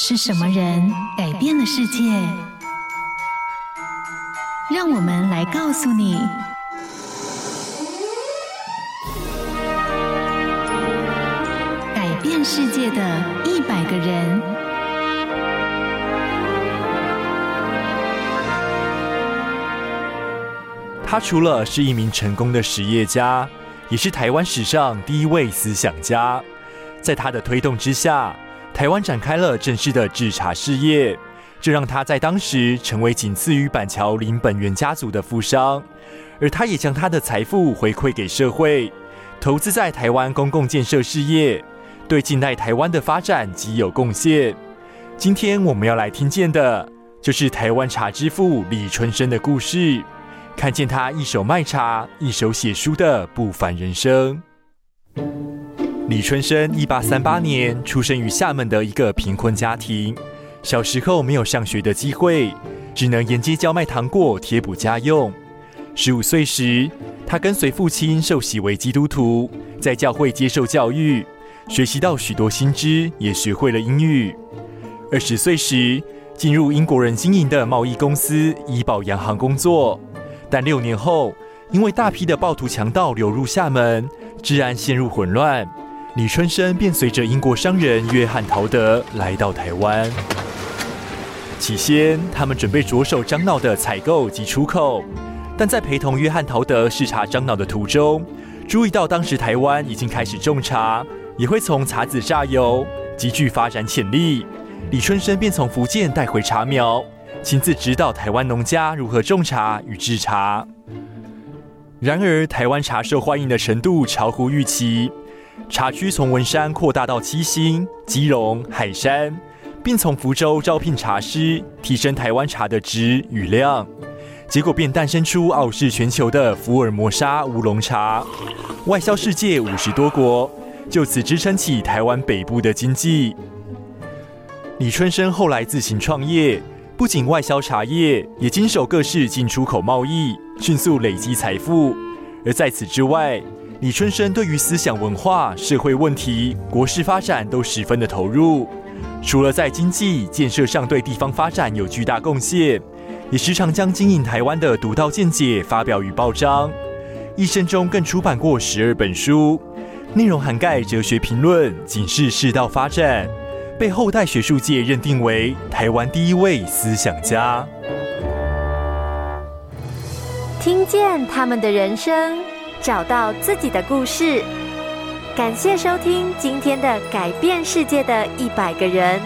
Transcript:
是什麼人改變了世界？讓我們來告訴你：改變世界的一百個人。他除了是一名成功的實業家，也是台灣史上第一位思想家。在他的推動之下。台灣展開了正式的製茶事業，這讓他在當時成為僅次於板橋林本源家族的富商，而他也將他的財富回饋給社會，投資在台灣公共建設事業，對近代台灣的發展極有貢獻。今天我們要來聽見的就是台灣茶之父李春生的故事，看見他一手賣茶，一手寫書的不凡人生。李春生一八三八年出生於廈門的一個貧困家庭，小時候沒有上學的機會，只能沿街叫賣糖果貼補家用。十五歲時，他跟隨父親受洗為基督徒，在教會接受教育，學習到許多新知，也學會了英語。二十歲時，進入英國人經營的貿易公司怡寶洋行工作，但六年後，因為大批的暴徒強盜流入廈門，治安陷入混亂。李春生便隨着英國商人約翰·陶德來到台灣。起先，他們準備着手樟腦的採購及出口，但在陪同約翰·陶德視察樟腦的途中，注意到當時台灣已經開始種茶，也會從茶籽榨油，極具發展潛力。李春生便從福建帶回茶苗，親自指導台灣農家如何種茶與製茶。然而，台灣茶受歡迎的程度超乎預期。茶區從文山擴大到七星、基隆、海山，並從福州招聘茶師，提升台灣茶的質與量，結果便誕生出傲視全球的福爾摩沙烏龍茶，外銷世界五十多國，就此支撐起台灣北部的經濟。李春生後來自行創業，不僅外銷茶葉，也經手各式進出口貿易，迅速累積財富。而在此之外，李春生對於思想、文化、社會問題、國事發展都十分的投入。除了在經濟建設上對地方發展有巨大貢獻，也時常將經營台灣的獨到見解發表於報章。一生中更出版過十二本書，內容涵蓋哲學評論、警示世道發展，被後代學術界認定為台灣第一位思想家。聽見他們的人生。找到自己的故事。感謝收聽今天的《改變世界的一百個人》。